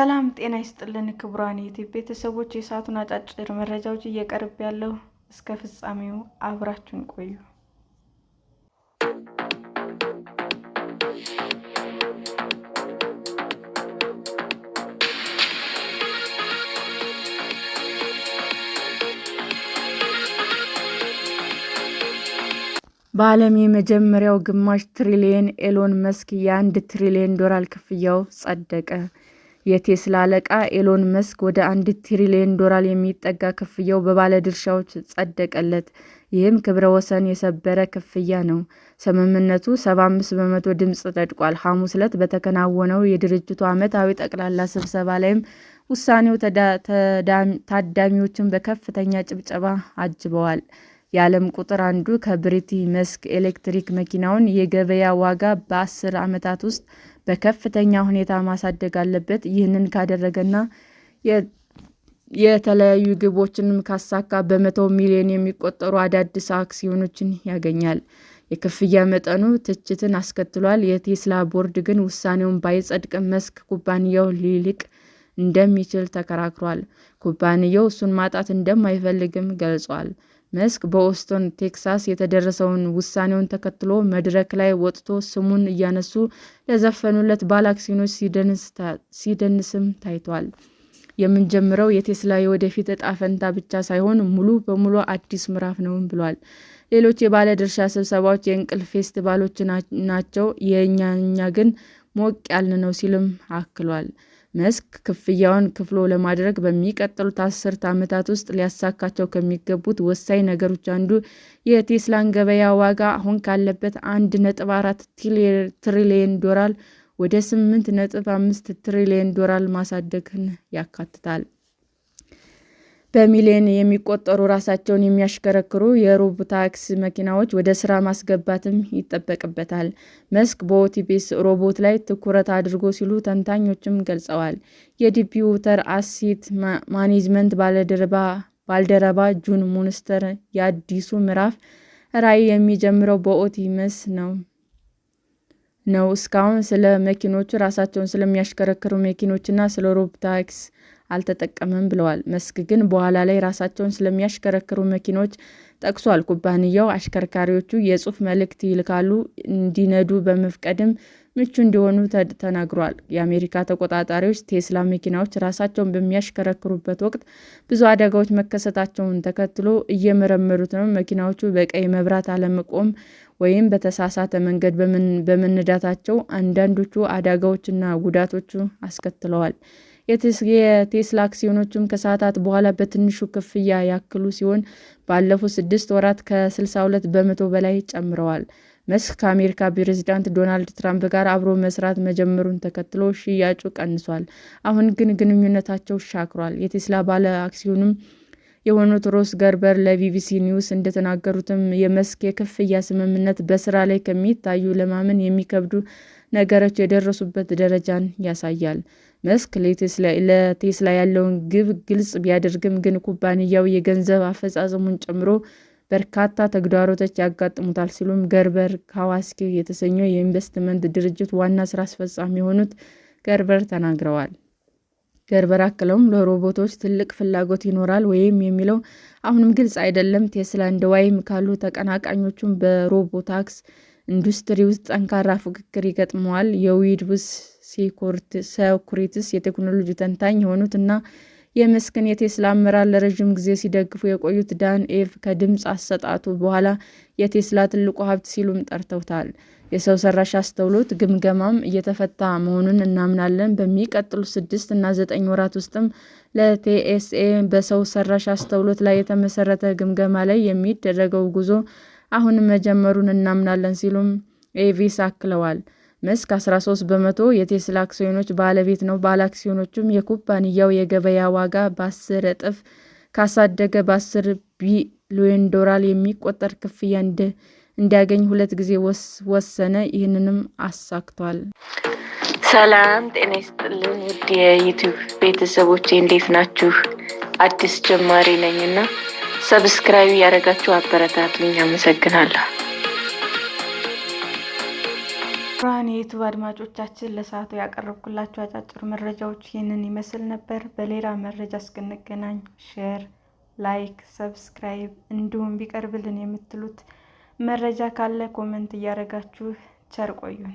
ሰላም ጤና ይስጥልን ክቡራን ዩቲ ቤተሰቦች፣ የሰዓቱን አጫጭር መረጃዎች እየቀርብ ያለው እስከ ፍጻሜው አብራችን ቆዩ። በዓለም የመጀመሪያው ግማሽ ትሪሊየን ኤሎን መስክ የአንድ ትሪሊየን ዶላር ክፍያው ጸደቀ። የቴስላ አለቃ ኤሎን መስክ ወደ አንድ ትሪሊዮን ዶላር የሚጠጋ ክፍያው በባለድርሻዎች ጸደቀለት። ይህም ክብረ ወሰን የሰበረ ክፍያ ነው። ስምምነቱ 75 በመቶ ድምፅ ጸድቋል። ሐሙስ ዕለት በተከናወነው የድርጅቱ ዓመታዊ ጠቅላላ ስብሰባ ላይም ውሳኔው ታዳሚዎችን በከፍተኛ ጭብጨባ አጅበዋል። የዓለም ቁጥር አንዱ ከብሪቲ መስክ ኤሌክትሪክ መኪናውን የገበያ ዋጋ በአስር ዓመታት ውስጥ በከፍተኛ ሁኔታ ማሳደግ አለበት። ይህንን ካደረገና የተለያዩ ግቦችንም ካሳካ በመቶ ሚሊዮን የሚቆጠሩ አዳዲስ አክሲዮኖችን ያገኛል። የክፍያ መጠኑ ትችትን አስከትሏል። የቴስላ ቦርድ ግን ውሳኔውን ባይጸድቅ መስክ ኩባንያው ሊልቅ እንደሚችል ተከራክሯል። ኩባንያው እሱን ማጣት እንደማይፈልግም ገልጿል። መስክ በኦስቶን ቴክሳስ የተደረሰውን ውሳኔውን ተከትሎ መድረክ ላይ ወጥቶ ስሙን እያነሱ ለዘፈኑለት ባላክሲኖች ሲደንስም ታይቷል። የምንጀምረው የቴስላ የወደፊት እጣ ፈንታ ብቻ ሳይሆን ሙሉ በሙሉ አዲስ ምዕራፍ ነው ብሏል። ሌሎች የባለ ድርሻ ስብሰባዎች የእንቅልፍ ፌስቲቫሎች ናቸው፣ የእኛኛ ግን ሞቅ ያልን ነው ሲልም አክሏል። መስክ ክፍያውን ክፍሎ ለማድረግ በሚቀጥሉት አስርት ዓመታት ውስጥ ሊያሳካቸው ከሚገቡት ወሳኝ ነገሮች አንዱ የቴስላን ገበያ ዋጋ አሁን ካለበት አንድ ነጥብ አራት ትሪሊየን ዶላር ወደ ስምንት ነጥብ አምስት ትሪሊየን ዶላር ማሳደግን ያካትታል። በሚሊዮን የሚቆጠሩ ራሳቸውን የሚያሽከረክሩ የሩብ ታክሲ መኪናዎች ወደ ስራ ማስገባትም ይጠበቅበታል። መስክ በኦቲቤስ ሮቦት ላይ ትኩረት አድርጎ ሲሉ ተንታኞችም ገልጸዋል። የዲፒውተር አሴት ማኔጅመንት ባልደረባ ጁን ሙንስተር የአዲሱ ምዕራፍ ራዕይ የሚጀምረው በኦቲቤስ ነው ነው እስካሁን ስለ መኪኖቹ ራሳቸውን ስለሚያሽከረክሩ መኪኖችና ስለ ሮቦታክሲ አልተጠቀመም ብለዋል። መስክ ግን በኋላ ላይ ራሳቸውን ስለሚያሽከረክሩ መኪኖች ጠቅሷል። ኩባንያው አሽከርካሪዎቹ የጽሑፍ መልእክት ይልካሉ፣ እንዲነዱ በመፍቀድም ምቹ እንዲሆኑ ተናግሯል። የአሜሪካ ተቆጣጣሪዎች ቴስላ መኪናዎች ራሳቸውን በሚያሽከረክሩበት ወቅት ብዙ አደጋዎች መከሰታቸውን ተከትሎ እየመረመሩት ነው። መኪናዎቹ በቀይ መብራት አለመቆም ወይም በተሳሳተ መንገድ በመነዳታቸው አንዳንዶቹ አደጋዎችና ጉዳቶች አስከትለዋል። የቴስላ አክሲዮኖችም ከሰዓታት በኋላ በትንሹ ክፍያ ያክሉ ሲሆን ባለፉት ስድስት ወራት ከ62 በመቶ በላይ ጨምረዋል። መስክ ከአሜሪካ ፕሬዝዳንት ዶናልድ ትራምፕ ጋር አብሮ መስራት መጀመሩን ተከትሎ ሽያጩ ቀንሷል። አሁን ግን ግንኙነታቸው ሻክሯል። የቴስላ ባለ አክሲዮኑም የሆኑት ሮስ ገርበር ለቢቢሲ ኒውስ እንደተናገሩትም የመስክ የክፍያ ስምምነት በስራ ላይ ከሚታዩ ለማመን የሚከብዱ ነገሮች የደረሱበት ደረጃን ያሳያል። መስክ ለቴስላ ያለውን ግብ ግልጽ ቢያደርግም ግን ኩባንያው የገንዘብ አፈጻጸሙን ጨምሮ በርካታ ተግዳሮቶች ያጋጥሙታል ሲሉም ገርበር ካዋስኪ የተሰኘው የኢንቨስትመንት ድርጅት ዋና ስራ አስፈጻሚ የሆኑት ገርበር ተናግረዋል። ገርበር በራክለውም ለሮቦቶች ትልቅ ፍላጎት ይኖራል ወይም የሚለው አሁንም ግልጽ አይደለም። ቴስላ እንደ ዋይም ካሉ ተቀናቃኞቹም በሮቦታክስ ኢንዱስትሪ ውስጥ ጠንካራ ፉክክር ይገጥመዋል። የዊድቡስ ሴኩሪትስ የቴክኖሎጂ ተንታኝ የሆኑት እና የመስክን የቴስላ አመራር ለረዥም ጊዜ ሲደግፉ የቆዩት ዳን ኤቭ ከድምፅ አሰጣቱ በኋላ የቴስላ ትልቁ ሀብት ሲሉም ጠርተውታል። የሰው ሰራሽ አስተውሎት ግምገማም እየተፈታ መሆኑን እናምናለን። በሚቀጥሉ ስድስት እና ዘጠኝ ወራት ውስጥም ለቴኤስኤ በሰው ሰራሽ አስተውሎት ላይ የተመሰረተ ግምገማ ላይ የሚደረገው ጉዞ አሁንም መጀመሩን እናምናለን ሲሉም ኤቪስ አክለዋል። መስክ 13 በመቶ የቴስላ አክሲዮኖች ባለቤት ነው። ባለአክሲዮኖቹም የኩባንያው የገበያ ዋጋ በ10 እጥፍ ካሳደገ በአስር ቢሊዮን ዶላር የሚቆጠር ክፍያ እንዲያገኝ ሁለት ጊዜ ወሰነ። ይህንንም አሳክቷል። ሰላም ጤና ይስጥልን ውድ የዩቲዩብ ቤተሰቦች እንዴት ናችሁ? አዲስ ጀማሪ ነኝ እና ሰብስክራይብ ያደረጋችሁ አበረታቱኝ። አመሰግናለሁ። ክቡራን የዩቱብ አድማጮቻችን ለሰዓቱ ያቀረብኩላቸው አጫጭር መረጃዎች ይህንን ይመስል ነበር። በሌላ መረጃ እስክንገናኝ ሼር፣ ላይክ፣ ሰብስክራይብ እንዲሁም ቢቀርብልን የምትሉት መረጃ ካለ ኮመንት እያደረጋችሁ ቸር ቆዩን።